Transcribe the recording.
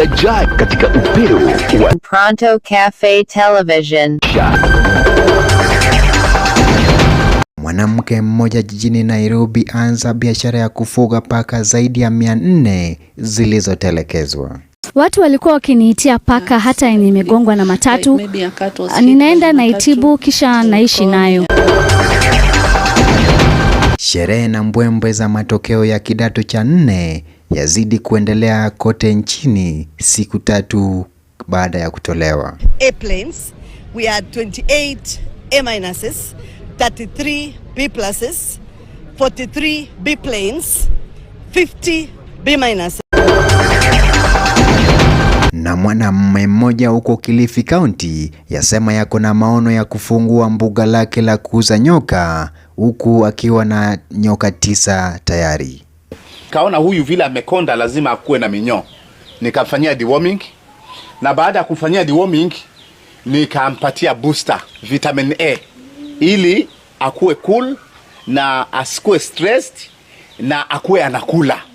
yajai katika upeo wa Pronto Cafe Television. Mwanamke mmoja jijini Nairobi anza biashara ya kufuga paka zaidi ya mia nne zilizotelekezwa. Watu walikuwa wakiniitia paka hata nimegongwa na matatu, ninaenda naitibu kisha naishi nayo. Sherehe na mbwembwe za matokeo ya kidato cha nne yazidi kuendelea kote nchini siku tatu baada ya kutolewa. Airplanes, we had 28 A minuses, 33 B pluses, 43 B planes, 50 B minuses. Na mwanamume mmoja huko Kilifi County yasema yako na maono ya kufungua mbuga lake la kuuza nyoka huku akiwa na nyoka tisa tayari kaona huyu vile amekonda, lazima akuwe na minyoo. Nikamfanyia deworming na baada ya kumfanyia deworming nikampatia booster vitamin A ili akuwe cool na asikuwe stressed na akuwe anakula.